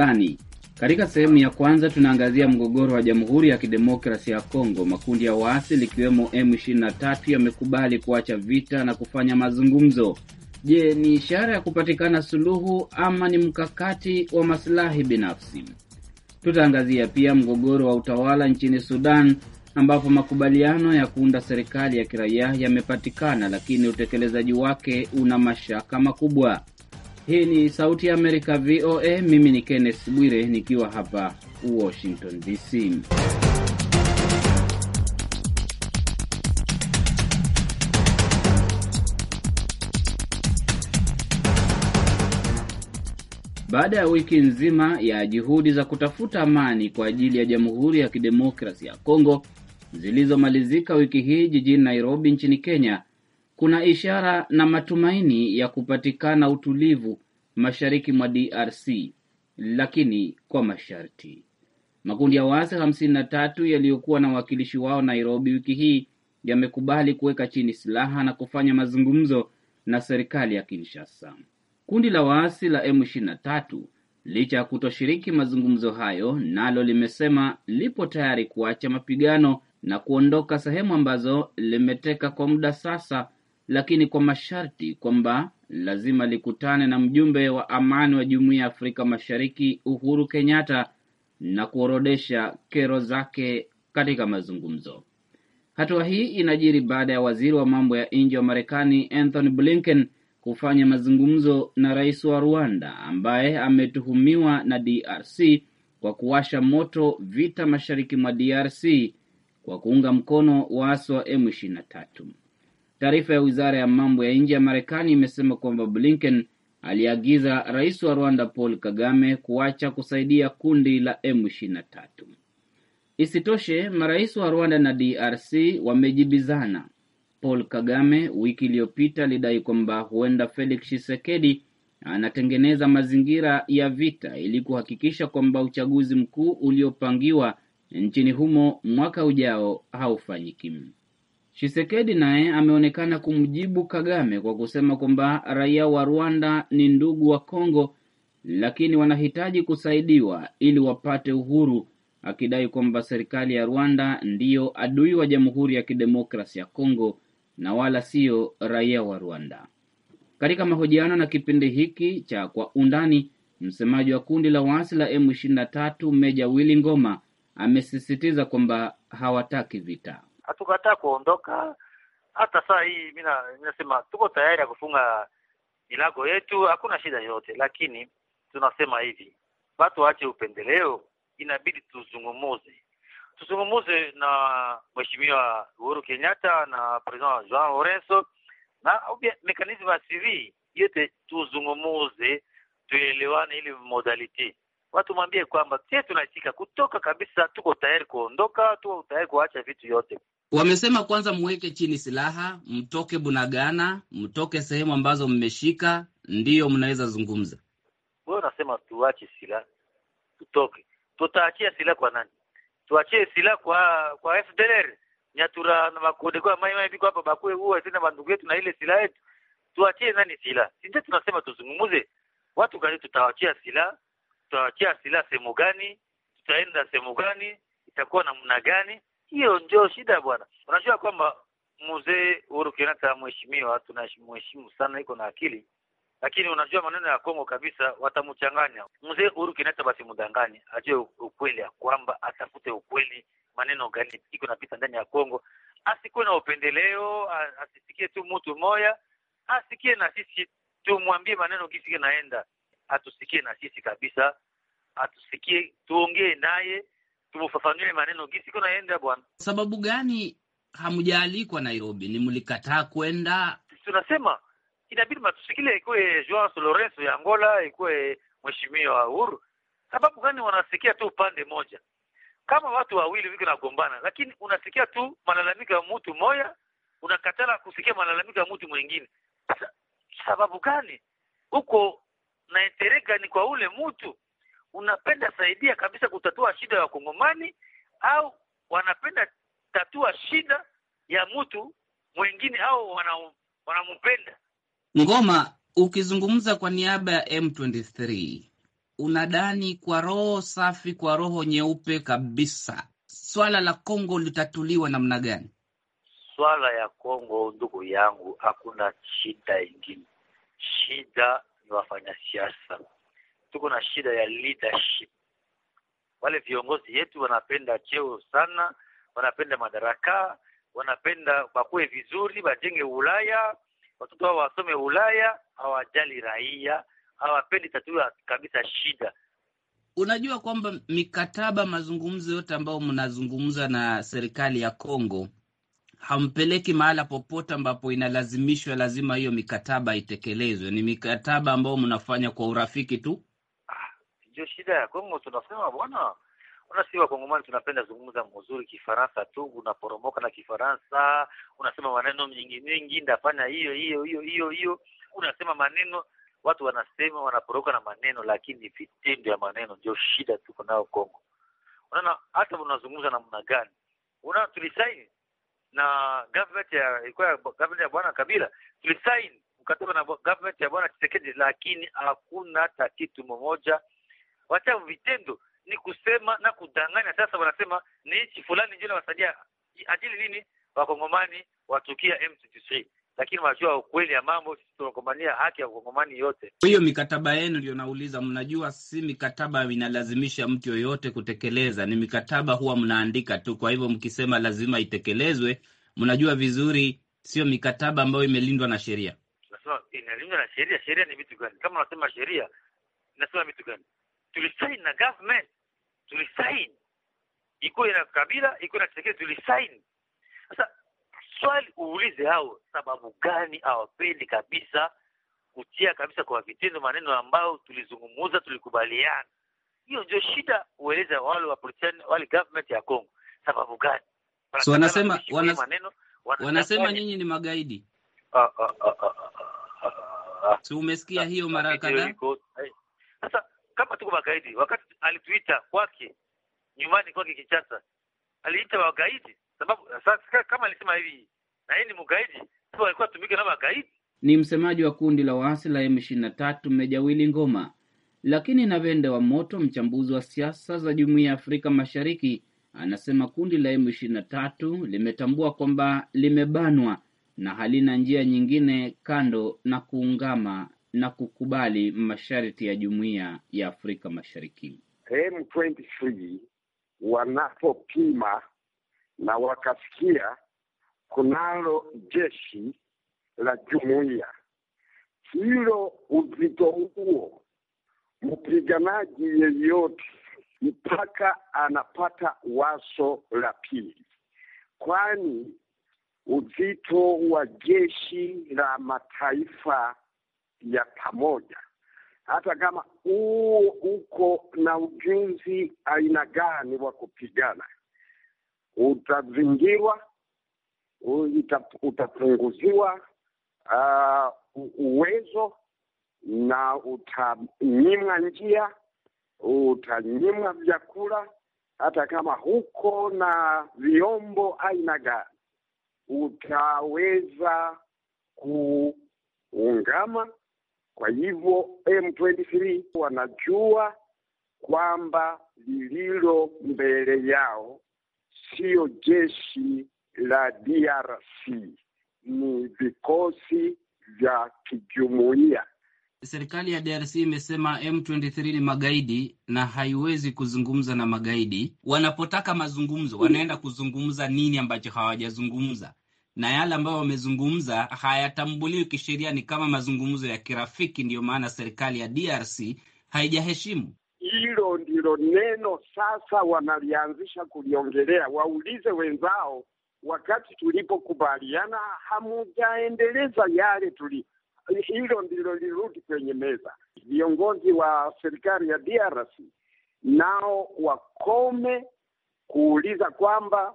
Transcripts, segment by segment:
undani. Katika sehemu ya kwanza tunaangazia mgogoro wa Jamhuri ya Kidemokrasia ya Kongo. Makundi ya waasi likiwemo M23 yamekubali kuacha vita na kufanya mazungumzo. Je, ni ishara ya kupatikana suluhu ama ni mkakati wa masilahi binafsi? Tutaangazia pia mgogoro wa utawala nchini Sudan ambapo makubaliano ya kuunda serikali ya kiraia yamepatikana, lakini utekelezaji wake una mashaka makubwa. Hii ni Sauti ya Amerika, VOA. Mimi ni Kenneth Bwire nikiwa hapa Washington DC. Baada ya wiki nzima ya juhudi za kutafuta amani kwa ajili ya Jamhuri ya Kidemokrasi ya Kongo zilizomalizika wiki hii jijini Nairobi nchini Kenya, kuna ishara na matumaini ya kupatikana utulivu mashariki mwa DRC, lakini kwa masharti. Makundi ya waasi 53 yaliyokuwa na wakilishi wao Nairobi wiki hii yamekubali kuweka chini silaha na kufanya mazungumzo na serikali ya Kinshasa. Kundi la waasi la M23 licha ya kutoshiriki mazungumzo hayo, nalo limesema lipo tayari kuacha mapigano na kuondoka sehemu ambazo limeteka kwa muda sasa, lakini kwa masharti kwamba lazima likutane na mjumbe wa amani wa Jumuiya ya Afrika Mashariki Uhuru Kenyatta na kuorodesha kero zake katika mazungumzo. Hatua hii inajiri baada ya waziri wa mambo ya nje wa Marekani Anthony Blinken kufanya mazungumzo na rais wa Rwanda ambaye ametuhumiwa na DRC kwa kuwasha moto vita mashariki mwa DRC kwa kuunga mkono waasi wa M23. Taarifa ya wizara ya mambo ya nje ya Marekani imesema kwamba Blinken aliagiza rais wa Rwanda Paul Kagame kuacha kusaidia kundi la M23. Isitoshe, marais wa Rwanda na DRC wamejibizana. Paul Kagame wiki iliyopita alidai kwamba huenda Felix Tshisekedi anatengeneza mazingira ya vita ili kuhakikisha kwamba uchaguzi mkuu uliopangiwa nchini humo mwaka ujao haufanyiki chisekedi naye ameonekana kumjibu Kagame kwa kusema kwamba raia wa Rwanda ni ndugu wa Kongo, lakini wanahitaji kusaidiwa ili wapate uhuru, akidai kwamba serikali ya Rwanda ndiyo adui wa Jamhuri ya Kidemokrasia ya Kongo na wala siyo raia wa Rwanda. Katika mahojiano na kipindi hiki cha Kwa Undani, msemaji wa kundi la waasi la M23 Meja Willy Ngoma amesisitiza kwamba hawataki vita hatukataa kuondoka. Hata saa hii mina nasema tuko tayari ya kufunga milango yetu, hakuna shida yote, lakini tunasema hivi, watu waache upendeleo, inabidi tuzungumuze tuzungumuze na Mheshimiwa Uhuru Kenyatta na President Joao Lorenzo na mekanizmu ya CV yote, tuzungumuze tuelewane, ili modalite watu mwambie kwamba sie tunaitika kutoka kabisa, tuko tayari kuondoka, tuko tayari kuacha vitu yote. Wamesema kwanza mweke chini silaha, mtoke bunagana, mtoke sehemu ambazo mmeshika, ndiyo mnaweza zungumza. Wewe unasema tuache silaha, tutoke. Tutaachia silaha kwa nani? Tuachie silaha kwa kwa FDLR nyatura na makode kwa mai mai biko hapa bakue huwa tena bandugu yetu na ile silaha yetu, tuachie nani silaha? Sisi tunasema tuzungumuze watu gani, tutawachia silaha, tutawachia silaha sehemu gani, tutaenda sehemu gani, itakuwa namna gani? Hiyo ndio shida bwana. Unajua kwamba mzee Uhuru Kenyatta, mheshimiwa, tunamheshimu sana, iko na akili, lakini unajua maneno ya Kongo kabisa, watamchanganya mzee Uhuru Kenyatta. Basi mdanganye, ajue ukweli ya kwamba atafute ukweli, maneno gani iko napita ndani ya Kongo, asikuwe na upendeleo, asisikie tu mtu moya, asikie na sisi, tumwambie maneno kisi naenda, atusikie na sisi kabisa, atusikie, tuongee naye tuufafanue maneno gisi iko bwana. Sababu gani hamjaalikwa Nairobi? Ni mlikataa kwenda? Tunasema inabidi matusikile, ikuwe Joao Lorenzo ya Angola, ikuwe mheshimiwa Uhuru. Sababu gani wanasikia tu upande moja? Kama watu wawili wiko nagombana, lakini unasikia tu malalamiko ya mtu moya, unakatala kusikia malalamiko ya mtu mwingine. Sababu gani? Huko na ni kwa ule mtu unapenda saidia kabisa kutatua shida ya wakongomani au wanapenda tatua shida ya mtu mwingine au wanampenda? Ngoma, ukizungumza kwa niaba ya M23 unadani kwa roho safi, kwa roho nyeupe kabisa, swala la Kongo litatuliwa namna gani? Swala ya Kongo, ndugu yangu, hakuna shida ingine. Shida ni wafanya siasa tuko na shida ya leadership. Wale viongozi yetu wanapenda cheo sana, wanapenda madaraka, wanapenda bakue vizuri, bajenge Ulaya, watoto wao wasome Ulaya, hawajali raia, hawapendi tatua kabisa shida. Unajua kwamba mikataba, mazungumzo yote ambayo mnazungumza na serikali ya Kongo hampeleki mahala popote ambapo inalazimishwa lazima hiyo mikataba itekelezwe. Ni mikataba ambayo mnafanya kwa urafiki tu, ndio shida ya Kongo. Tunasema bwana, una si Wakongomani tunapenda zungumza mzuri Kifaransa tu, unaporomoka na Kifaransa, unasema maneno mingi mingi, ndafanya hiyo hiyo hiyo hiyo hiyo, unasema maneno watu wanasema wanaporoka na maneno, lakini vitendo ya maneno ndio shida tuko nayo Kongo. Unaona hata unazungumza namna gani, una tulisaini na government ya ilikuwa government ya bwana Kabila, tulisaini mkataba na government ya bwana Tshisekedi, lakini hakuna hata kitu mmoja wacha vitendo ni kusema na kudanganya. Sasa wanasema ni nchi fulani ndio inawasaidia ajili nini wakongomani watukia M23, lakini wanajua ukweli ya mambo. Sisi haki ya wakongomani yote. Hiyo mikataba yenu ndio nauliza, mnajua si mikataba inalazimisha mtu yoyote kutekeleza, ni mikataba huwa mnaandika tu. Kwa hivyo mkisema lazima itekelezwe, mnajua vizuri sio mikataba ambayo imelindwa na sheria. Nasema inalindwa na sheria. Sheria ni vitu gani? Kama unasema sheria, nasema vitu gani? tulisaini na government tulisaini iko na kabila iko na kisekeli tulisaini sasa swali uulize hao sababu gani hawapendi kabisa kutia kabisa kwa vitendo maneno ambayo tulizungumza tulikubaliana hiyo ndio shida ueleza wale wa politiani, wale government ya Kongo sababu gani so wanasema wanas... maneno wanasema nyinyi ni magaidi ah, ah, ah, ah, ah, ah. ah. ah. so umesikia hiyo mara kadhaa eh, sasa kama tuko magaidi, wakati alituita kwake nyumbani kwake Kinshasa, aliita wagaidi sababu sasa, kama alisema hivi na yeye ni mgaidi, sio alikuwa tumike na magaidi. Ni msemaji wa kundi la waasi la M23 Meja Willy Ngoma. Lakini Navende wa Moto, mchambuzi wa siasa za Jumuiya ya Afrika Mashariki, anasema kundi la M23 limetambua kwamba limebanwa na halina njia nyingine kando na kuungama na kukubali masharti ya Jumuiya ya Afrika Mashariki. m 23 wanapopima na wakasikia kunalo jeshi la jumuiya hilo, uzito huo, mpiganaji yeyote mpaka anapata waso la pili, kwani uzito wa jeshi la mataifa ya pamoja, hata kama huo uko na ujuzi aina gani wa kupigana, utazingirwa, utapunguziwa uh, uwezo na utanyimwa njia, utanyimwa vyakula, hata kama huko na vyombo aina gani utaweza kuungama kwa hivyo M23 wanajua kwamba lililo mbele yao siyo jeshi la DRC, ni vikosi vya kijumuiya. Serikali ya DRC imesema M23 ni magaidi na haiwezi kuzungumza na magaidi. Wanapotaka mazungumzo, wanaenda kuzungumza nini ambacho hawajazungumza? na yale ambayo wamezungumza hayatambuliwi kisheria, ni kama mazungumzo ya kirafiki. Ndiyo maana serikali ya DRC haijaheshimu hilo. Ndilo neno sasa wanalianzisha kuliongelea, waulize wenzao, wakati tulipokubaliana hamujaendeleza yale tuli hilo ndilo lirudi kwenye meza. Viongozi wa serikali ya DRC nao wakome kuuliza kwamba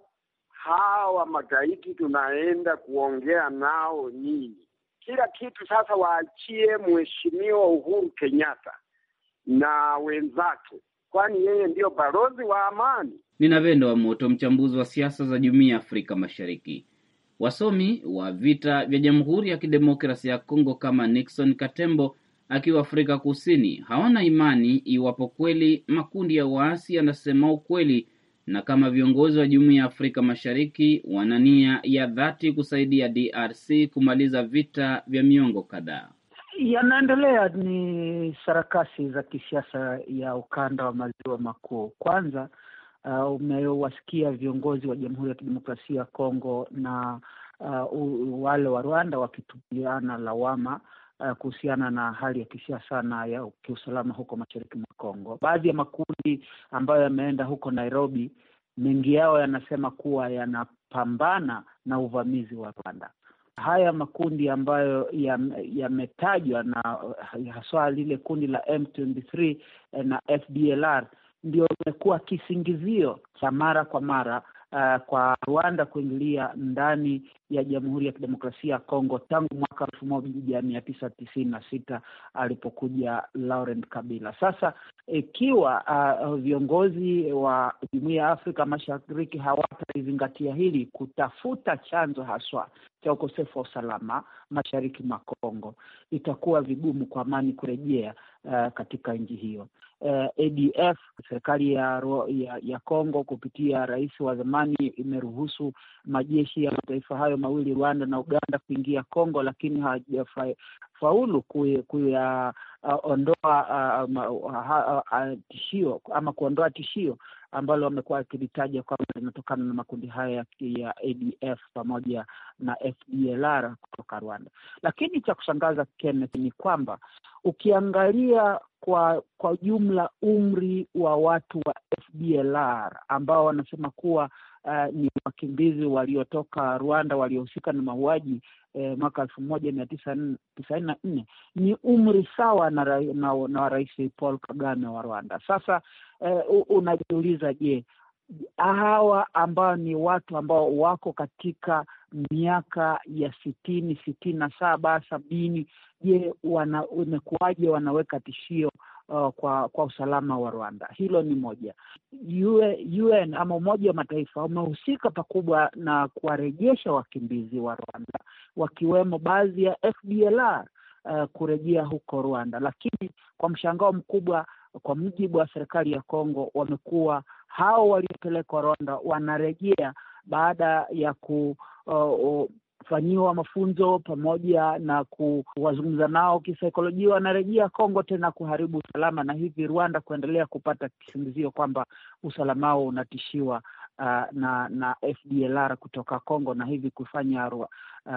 hawa magaidi tunaenda kuongea nao nini? Kila kitu sasa waachie Mheshimiwa Uhuru Kenyatta na wenzake, kwani yeye ndiyo balozi wa amani. Ninavenda wa Moto, mchambuzi wa siasa za Jumuiya ya Afrika Mashariki. Wasomi wa vita vya Jamhuri ya Kidemokrasia ya Kongo kama Nixon Katembo akiwa Afrika Kusini hawana imani iwapo kweli makundi ya waasi yanasema ukweli na kama viongozi wa Jumuiya ya Afrika Mashariki wana nia ya dhati kusaidia DRC kumaliza vita vya miongo kadhaa yanaendelea ni sarakasi za kisiasa ya ukanda wa maziwa makuu. Kwanza uh, umewasikia viongozi wa Jamhuri ya Kidemokrasia ya Kongo na uh, wale wa Rwanda wakitupiana lawama uh, kuhusiana na hali ya kisiasa na ya kiusalama huko mashariki mwa Kongo. Baadhi ya makundi ambayo yameenda huko Nairobi, mengi yao yanasema kuwa yanapambana na uvamizi wa Rwanda. Haya makundi ambayo yametajwa ya na eh, haswa lile kundi la M23 eh, na FDLR ndio imekuwa kisingizio cha mara kwa mara uh, kwa Rwanda kuingilia ndani ya Jamhuri ya Kidemokrasia ya Kongo tangu mwaka elfu moja mia tisa tisini na sita alipokuja Laurent Kabila. Sasa ikiwa uh, viongozi wa jumuia ya Afrika Mashariki hawatalizingatia hili kutafuta chanzo haswa cha ukosefu wa usalama mashariki mwa Kongo, itakuwa vigumu kwa amani kurejea uh, katika nchi hiyo. Uh, ADF serikali ya, ya, ya Kongo kupitia rais wa zamani imeruhusu majeshi ya mataifa hayo mawili Rwanda na Uganda kuingia Kongo, lakini hawajafaulu kuyaondoa uh, uh, uh, tishio ama kuondoa tishio ambalo wamekuwa wakilitaja kwamba linatokana na makundi haya ya ADF pamoja na FDLR kutoka Rwanda. Lakini cha kushangaza Kenneth, ni kwamba ukiangalia kwa kwa jumla umri wa watu wa FDLR ambao wanasema kuwa uh, ni wakimbizi waliotoka Rwanda waliohusika na mauaji eh, mwaka elfu moja mia tisa tisaini na nne ni umri sawa na, na, na, na Rais Paul Kagame wa Rwanda. Sasa eh, unajiuliza je, hawa ambao ni watu ambao wako katika miaka ya sitini sitini na saba sabini je wana, imekuwaje wanaweka tishio uh, kwa kwa usalama wa Rwanda. Hilo ni moja. UN ama Umoja wa Mataifa umehusika pakubwa na kuwarejesha wakimbizi wa Rwanda wakiwemo baadhi ya FDLR uh, kurejea huko Rwanda, lakini kwa mshangao mkubwa, kwa mjibu wa serikali ya congo wamekuwa hao waliopelekwa Rwanda wanarejea baada ya ku uh, uh, fanyiwa mafunzo pamoja na kuwazungumza nao kisaikolojia, wanarejea Kongo tena kuharibu usalama, na hivi Rwanda kuendelea kupata kisingizio kwamba usalama wao unatishiwa uh, na na FDLR kutoka Kongo, na hivi kufanya uh,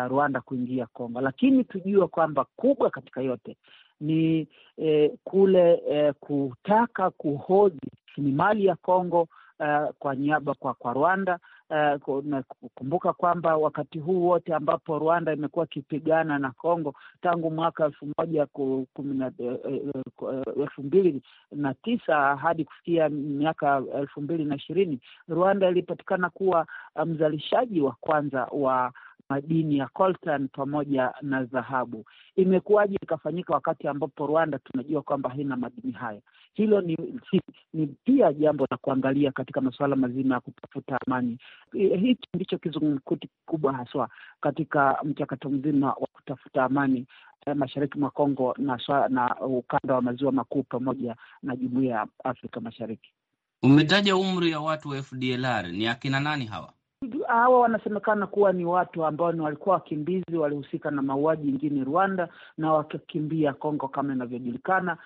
Rwanda kuingia Kongo. Lakini tujue kwamba kubwa katika yote ni eh, kule eh, kutaka kuhodhi mali ya Kongo uh, kwa niaba kwa, kwa Rwanda Uh, eh, kumbuka kwamba wakati huu wote ambapo Rwanda imekuwa ikipigana na congo tangu mwaka elfu moja eh, eh, elfu mbili na tisa hadi kufikia miaka elfu mbili na ishirini Rwanda ilipatikana kuwa mzalishaji wa kwanza wa madini ya coltan pamoja na dhahabu. Imekuwaje ikafanyika wakati ambapo Rwanda tunajua kwamba haina madini haya? Hilo ni, ni, ni pia jambo la kuangalia katika masuala mazima ya kutafuta amani. Eh, hichi ndicho kizungumkuti kikubwa haswa katika mchakato mzima wa kutafuta amani eh, mashariki mwa Kongo na, na ukanda wa maziwa makuu pamoja na jumuiya ya Afrika Mashariki. Umetaja umri ya watu wa FDLR, ni akina nani hawa? hawa wanasemekana kuwa ni watu ambao ni walikuwa wakimbizi, walihusika na mauaji nchini Rwanda na wakakimbia Kongo kama inavyojulikana,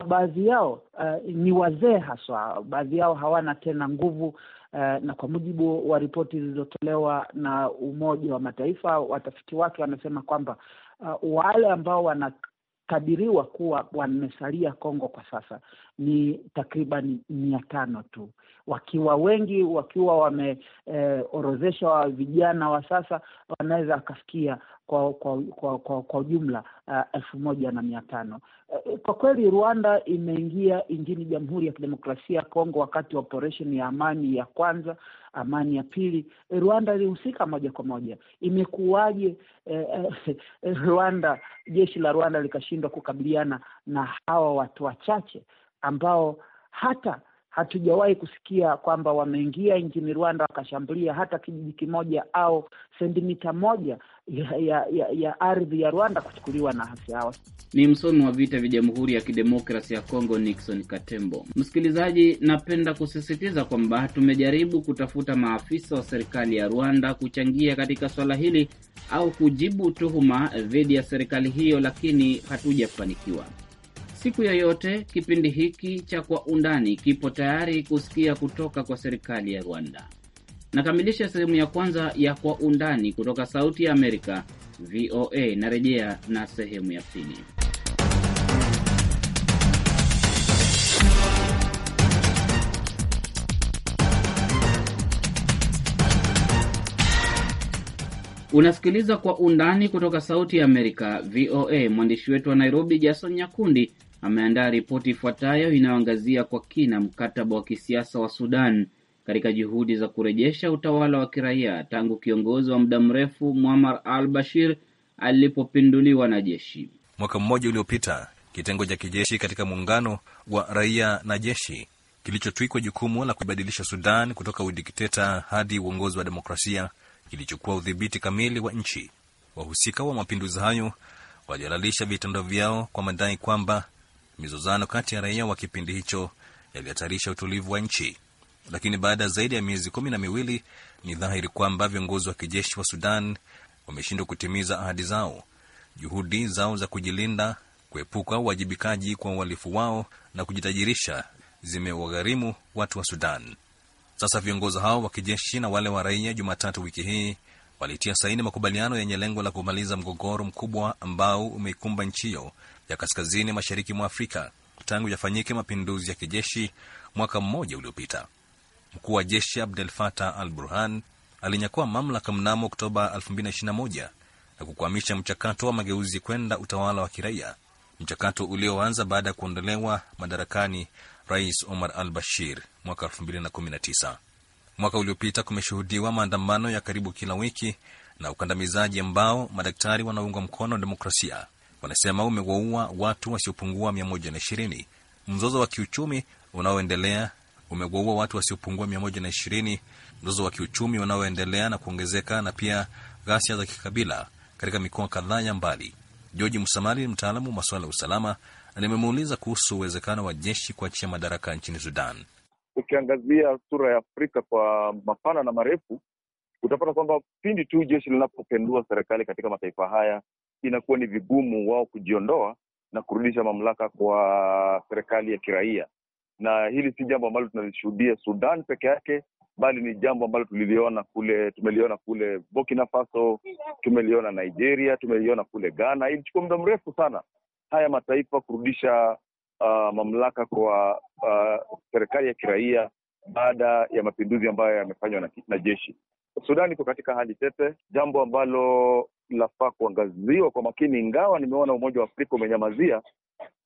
na baadhi yao uh, ni wazee haswa, baadhi yao hawana tena nguvu uh, na kwa mujibu wa ripoti zilizotolewa na Umoja wa Mataifa, watafiti wake wanasema kwamba uh, wale ambao wanakadiriwa kuwa wamesalia Kongo kwa sasa ni takriban mia tano tu, wakiwa wengi, wakiwa wameorozesha eh, vijana wa sasa wanaweza wakafikia kwa kwa kwa kwa, kwa jumla uh, eh, elfu moja na mia tano. Eh, kwa kweli Rwanda imeingia nchini Jamhuri ya Kidemokrasia ya Kongo wakati wa operesheni ya amani ya kwanza, amani ya pili. Rwanda ilihusika moja kwa moja. Imekuwaje eh, eh, Rwanda jeshi la Rwanda likashindwa kukabiliana na hawa watu wachache? ambao hata hatujawahi kusikia kwamba wameingia nchini Rwanda wakashambulia hata kijiji kimoja au sentimita moja ya, ya, ya, ya ardhi ya Rwanda kuchukuliwa na hasi hawa. Ni msomi wa vita vya Jamhuri ya Kidemokrasi ya Kongo, Nixon Katembo. Msikilizaji, napenda kusisitiza kwamba tumejaribu kutafuta maafisa wa serikali ya Rwanda kuchangia katika swala hili au kujibu tuhuma dhidi ya serikali hiyo, lakini hatujafanikiwa. Siku yoyote kipindi hiki cha Kwa Undani kipo tayari kusikia kutoka kwa serikali ya Rwanda. Nakamilisha sehemu ya kwanza ya Kwa Undani kutoka Sauti ya Amerika, VOA. Narejea na sehemu ya pili. Unasikiliza Kwa Undani kutoka Sauti ya Amerika, VOA. Mwandishi wetu wa Nairobi, Jason Nyakundi, ameandaa ripoti ifuatayo inayoangazia kwa kina mkataba wa kisiasa wa Sudan katika juhudi za kurejesha utawala wa kiraia tangu kiongozi wa muda mrefu Muammar al-Bashir alipopinduliwa na jeshi. Mwaka mmoja uliopita, kitengo cha kijeshi katika muungano wa raia na jeshi kilichotwikwa jukumu la kuibadilisha Sudan kutoka udikteta hadi uongozi wa demokrasia kilichukua udhibiti kamili wa nchi. Wahusika wa mapinduzi hayo walihalalisha vitendo vyao kwa madai kwamba Mizozano kati ya raia wa kipindi hicho yalihatarisha utulivu wa nchi, lakini baada ya zaidi ya miezi kumi na miwili ni dhahiri kwamba viongozi wa kijeshi wa Sudan wameshindwa kutimiza ahadi zao. Juhudi zao za kujilinda, kuepuka uwajibikaji kwa uhalifu wao na kujitajirisha zimewagharimu watu wa Sudan. Sasa viongozi hao wa kijeshi na wale wa raia Jumatatu wiki hii walitia saini makubaliano yenye lengo la kumaliza mgogoro mkubwa ambao umeikumba nchi hiyo ya kaskazini mashariki mwa Afrika tangu yafanyike mapinduzi ya kijeshi mwaka mmoja uliopita. Mkuu wa jeshi Abdel Fattah al Burhan alinyakua mamlaka mnamo Oktoba 2021 na kukwamisha mchakato wa mageuzi kwenda utawala wa kiraia, mchakato ulioanza baada ya kuondolewa madarakani Rais Omar al Bashir mwaka 2019. Mwaka uliopita kumeshuhudiwa maandamano ya karibu kila wiki na ukandamizaji ambao madaktari wanaungwa mkono demokrasia wanasema umewaua watu wasiopungua 120. Mzozo wa kiuchumi unaoendelea umewaua watu wasiopungua 120, mzozo wa kiuchumi unaoendelea na kuongezeka na pia ghasia za kikabila katika mikoa kadhaa ya mbali. George Musamali, mtaalamu wa masuala ya usalama, nimemuuliza kuhusu uwezekano wa jeshi kuachia madaraka nchini Sudan. Ukiangazia sura ya Afrika kwa mapana na marefu, utapata kwamba pindi tu jeshi linapopendua serikali katika mataifa haya inakuwa ni vigumu wao kujiondoa na kurudisha mamlaka kwa serikali ya kiraia, na hili si jambo ambalo tunalishuhudia Sudan peke yake, bali ni jambo ambalo tuliliona kule, tumeliona kule Burkina Faso, tumeliona Nigeria, tumeliona kule Ghana. Ilichukua muda mrefu sana haya mataifa kurudisha uh, mamlaka kwa uh, serikali ya kiraia baada ya mapinduzi ambayo yamefanywa na, na jeshi. Sudan iko katika hali tete, jambo ambalo lafaa kuangaziwa kwa makini, ingawa nimeona Umoja wa Afrika umenyamazia,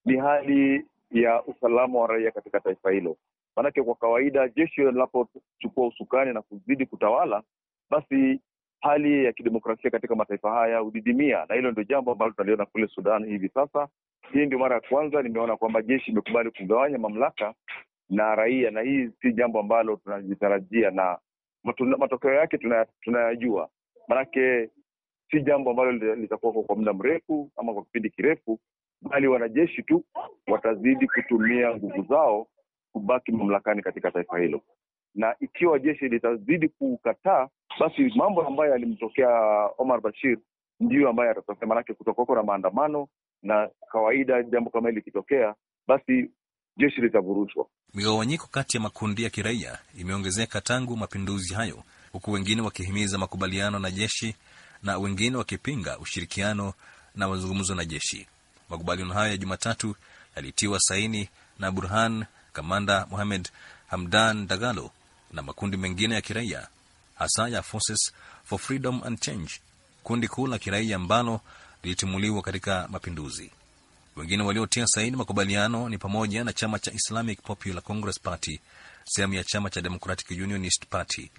ni hali ya usalama wa raia katika taifa hilo. Maanake kwa kawaida jeshi linapochukua usukani na kuzidi kutawala, basi hali ya kidemokrasia katika mataifa haya hudidimia, na hilo ndio jambo ambalo tunaliona kule Sudan hivi sasa. Hii ndio mara ya kwanza nimeona kwamba jeshi imekubali kugawanya mamlaka na raia, na hii si jambo ambalo tunajitarajia na matokeo yake tunayajua, manake si jambo ambalo litakuwa kwa muda mrefu ama kwa kipindi kirefu, bali wanajeshi tu watazidi kutumia nguvu zao kubaki mamlakani katika taifa hilo, na ikiwa jeshi litazidi kukataa, basi mambo ambayo yalimtokea Omar Bashir ndiyo ambayo yatatokea, manake kutokako na maandamano, na kawaida jambo kama hili likitokea, basi jeshi litavurushwa. Migawanyiko kati ya makundi ya kiraia imeongezeka tangu mapinduzi hayo, huku wengine wakihimiza makubaliano na jeshi na wengine wakipinga ushirikiano na mazungumzo na jeshi. Makubaliano hayo ya Jumatatu yalitiwa saini na Burhan, kamanda Mohamed Hamdan Dagalo na makundi mengine ya kiraia, hasa ya Forces for Freedom and Change, kundi kuu la kiraia ambalo lilitimuliwa katika mapinduzi. Wengine waliotia saini makubaliano ni pamoja na chama cha Islamic Popular Congress Party, sehemu ya chama cha Democratic Unionist Party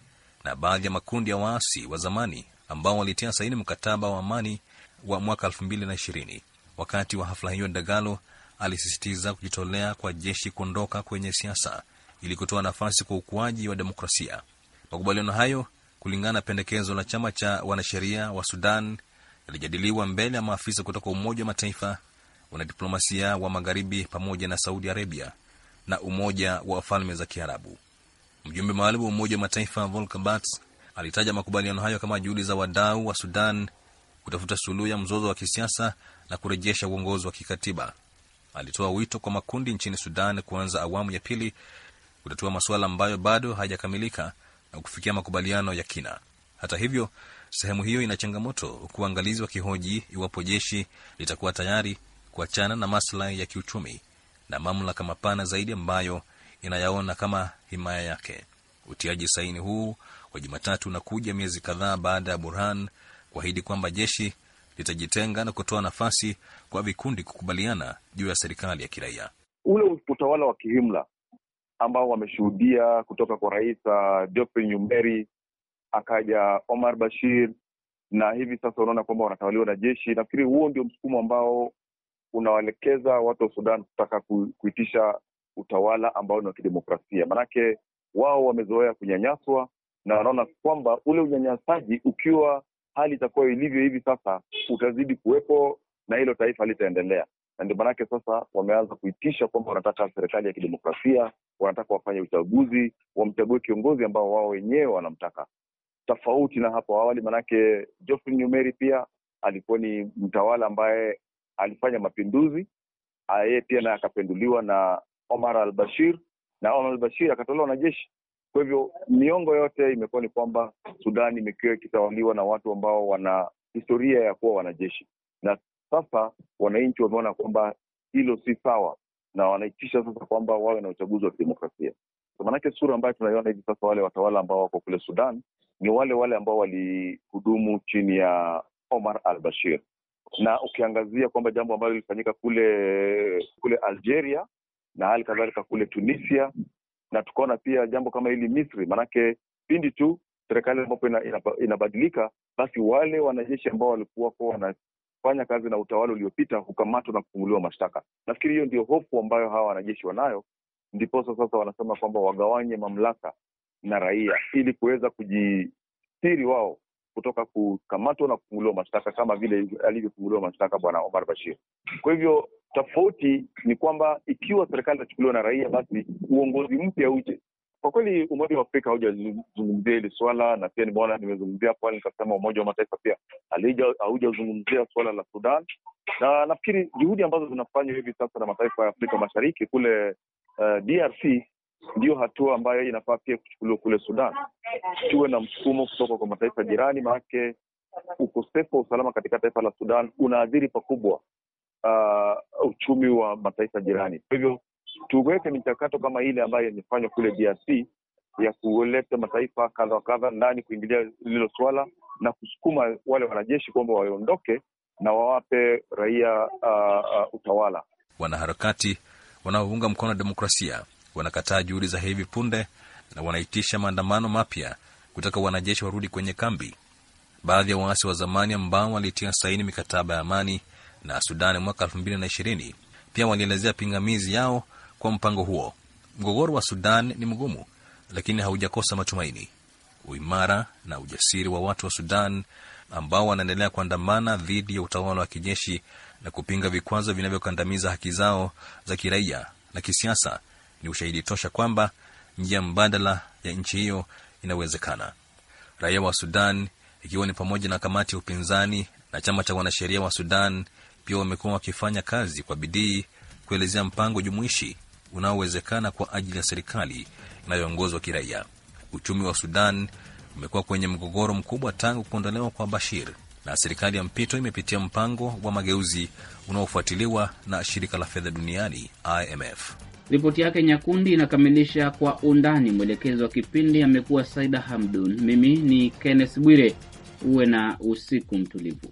na baadhi ya makundi ya waasi wa zamani ambao walitia saini mkataba wa amani wa mwaka elfu mbili na ishirini. Wakati wa hafla hiyo, Dagalo alisisitiza kujitolea kwa jeshi kuondoka kwenye siasa ili kutoa nafasi kwa ukuaji wa demokrasia. Makubaliano hayo, kulingana na pendekezo la chama cha wanasheria wa Sudan, yalijadiliwa mbele ya maafisa kutoka Umoja wa Mataifa, wanadiplomasia wa Magharibi pamoja na Saudi Arabia na Umoja wa Falme za Kiarabu. Mjumbe maalum wa Umoja wa Mataifa Volker Alitaja makubaliano hayo kama juhudi za wadau wa Sudan kutafuta suluhu ya mzozo wa kisiasa na kurejesha uongozi wa kikatiba. Alitoa wito kwa makundi nchini Sudan kuanza awamu ya pili kutatua masuala ambayo bado hayajakamilika na kufikia makubaliano ya kina. Hata hivyo, sehemu hiyo ina changamoto, huku waangalizi wakihoji iwapo jeshi litakuwa tayari kuachana na maslahi ya kiuchumi na mamlaka mapana zaidi ambayo inayaona kama himaya yake. Utiaji saini huu kwa Jumatatu unakuja miezi kadhaa baada ya Burhan kuahidi kwamba jeshi litajitenga na kutoa nafasi kwa vikundi kukubaliana juu ya serikali ya kiraia. Ule utawala wa kihimla ambao wameshuhudia kutoka kwa Rais Diope uh, Nyumberi, akaja Omar Bashir, na hivi sasa unaona kwamba wanatawaliwa na jeshi. Nafikiri huo ndio msukumo ambao unawaelekeza watu wa Sudan kutaka kuitisha utawala ambao ni wa kidemokrasia, maanake wao wamezoea kunyanyaswa na wanaona kwamba ule unyanyasaji ukiwa hali itakuwa ilivyo hivi sasa utazidi kuwepo na hilo taifa litaendelea na ndio maanake sasa wameanza kuitisha kwamba wanataka serikali ya kidemokrasia wanataka wafanye uchaguzi wamchague kiongozi ambao wao wenyewe wanamtaka tofauti na hapo awali manake Geoffrey Nyumeri pia alikuwa ni mtawala ambaye alifanya mapinduzi yeye pia naye akapenduliwa na Omar al-Bashir na Omar al-Bashir akatolewa na jeshi kwa hivyo miongo yote imekuwa ni kwamba sudani imekuwa ikitawaliwa na watu ambao wana historia ya kuwa wanajeshi, na sasa wananchi wameona kwamba hilo si sawa, na wanaitisha sasa kwamba wawe na uchaguzi wa kidemokrasia. Maanake sura ambayo tunaiona hivi sasa, wale watawala ambao wako kule Sudan ni wale wale ambao walihudumu chini ya Omar al Bashir, na ukiangazia kwamba jambo ambalo lilifanyika kule kule Algeria na hali kadhalika kule Tunisia na tukaona pia jambo kama hili Misri, maanake pindi tu serikali ambapo inabadilika ina, ina basi wale wanajeshi ambao walikuwa wanafanya kazi na utawala uliopita hukamatwa na kufunguliwa mashtaka. Nafikiri hiyo ndio hofu ambayo hawa wanajeshi wanayo, ndiposa sasa wanasema kwamba wagawanye mamlaka na raia ili kuweza kujistiri wao kutoka kukamatwa na kufunguliwa mashtaka kama vile alivyofunguliwa mashtaka Bwana Omar Bashir. Kwa hivyo Tofauti ni kwamba ikiwa serikali inachukuliwa na raia, basi uongozi mpya uje. Kwa kweli Umoja wa Afrika haujazungumzia hili swala, na pia nimeona nimezungumzia pale nikasema Umoja wa Mataifa pia haujazungumzia swala la Sudan, na nafikiri juhudi ambazo zinafanywa hivi sasa na mataifa ya Afrika Mashariki kule uh, eh, DRC ndiyo hatua ambayo inafaa pia kuchukuliwa kule Sudan. Tuwe na msukumo kutoka kwa mataifa jirani, maanake ukosefu wa usalama katika taifa la Sudan unaathiri pakubwa uh, uchumi wa mataifa jirani. Kwa hivyo tuweke michakato kama ile ambayo imefanywa kule DRC ya kuleta mataifa kadha wa kadha ndani kuingilia lilo suala na kusukuma wale wanajeshi kwamba waondoke na wawape raia uh, uh, utawala. Wanaharakati wanaounga mkono demokrasia wanakataa juhudi za hivi punde na wanaitisha maandamano mapya kutaka wanajeshi warudi kwenye kambi. Baadhi ya waasi wa zamani ambao walitia saini mikataba ya amani na Sudani mwaka 2020 pia walielezea pingamizi yao kwa mpango huo. Mgogoro wa Sudan ni mgumu, lakini haujakosa matumaini. Uimara na ujasiri wa watu wa Sudan ambao wanaendelea kuandamana dhidi ya utawala wa kijeshi na kupinga vikwazo vinavyokandamiza haki zao za kiraia na kisiasa ni ushahidi tosha kwamba njia mbadala ya nchi hiyo inawezekana. Raia wa Sudan, ikiwa ni pamoja na kamati ya upinzani na chama cha wanasheria wa Sudan, pia wamekuwa wakifanya kazi kwa bidii kuelezea mpango jumuishi unaowezekana kwa ajili ya serikali inayoongozwa kiraia. Uchumi wa Sudan umekuwa kwenye mgogoro mkubwa tangu kuondolewa kwa Bashir, na serikali ya mpito imepitia mpango wa mageuzi unaofuatiliwa na shirika la fedha duniani IMF. Ripoti yake Nyakundi inakamilisha kwa undani. Mwelekezi wa kipindi amekuwa Saida Hamdun, mimi ni Kenneth Bwire. Uwe na usiku mtulivu.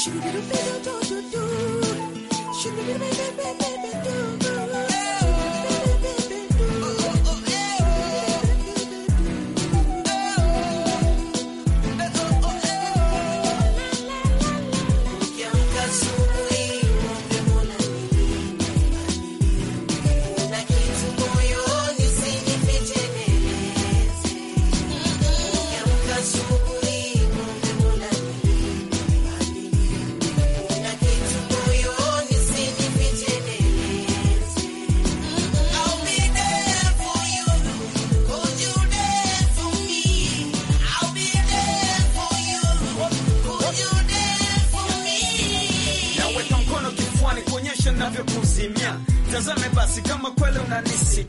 shoo doo doo do do do? Should we doo doo doo doo doo do do?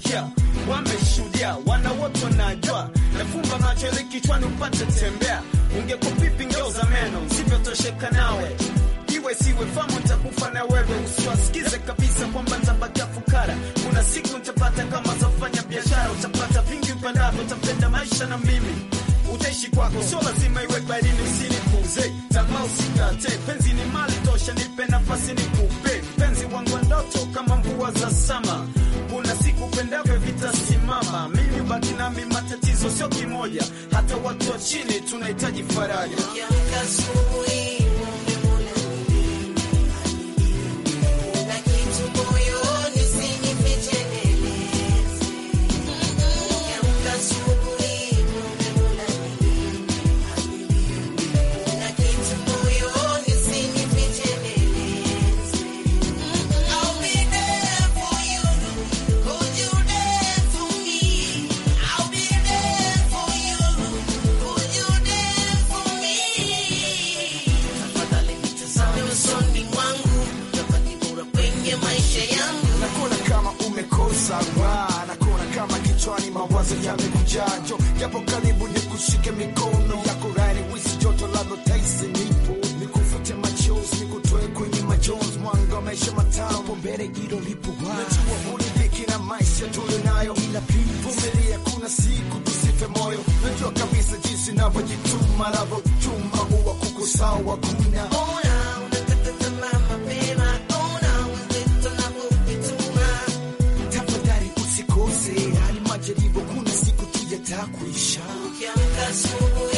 wamesikia, wameshuhudia, wana wote wanajua. Nafumba macho ili kichwani upate tembea, ungekupipi ngeuza meno, sivyotosheka nawe iwe siwe, famu ntakufa na wewe, usiwasikize kabisa kwamba ntabakia fukara. Kuna siku ntapata kama zafanya biashara, utapata vingi upendavyo, utapenda maisha na mimi utaishi kwako, sio lazima iwe bailini. Usinipuuze tama, usikate penzi, ni mali tosha. Nipe nafasi nikupe penzi wangu wa ndoto, kama mvua za sama kuna siku pendavyo vitasimama. Mimi baki nami, matatizo sio kimoja, hata watu wa chini tunahitaji faraja. chanjo, japo karibu ni kushike mikono yako rari, wisi joto lalo taisi nipo, nikufute machozi, nikutoe kwenye majonzi, mwanga wa maisha matamu mbele, hilo lipo najua hulidhiki na maisha tulionayo, ila pili vumilia, kuna siku tusife moyo. Najua kabisa jinsi navyojituma, navyochuma huwa kukusawa kuna Yes.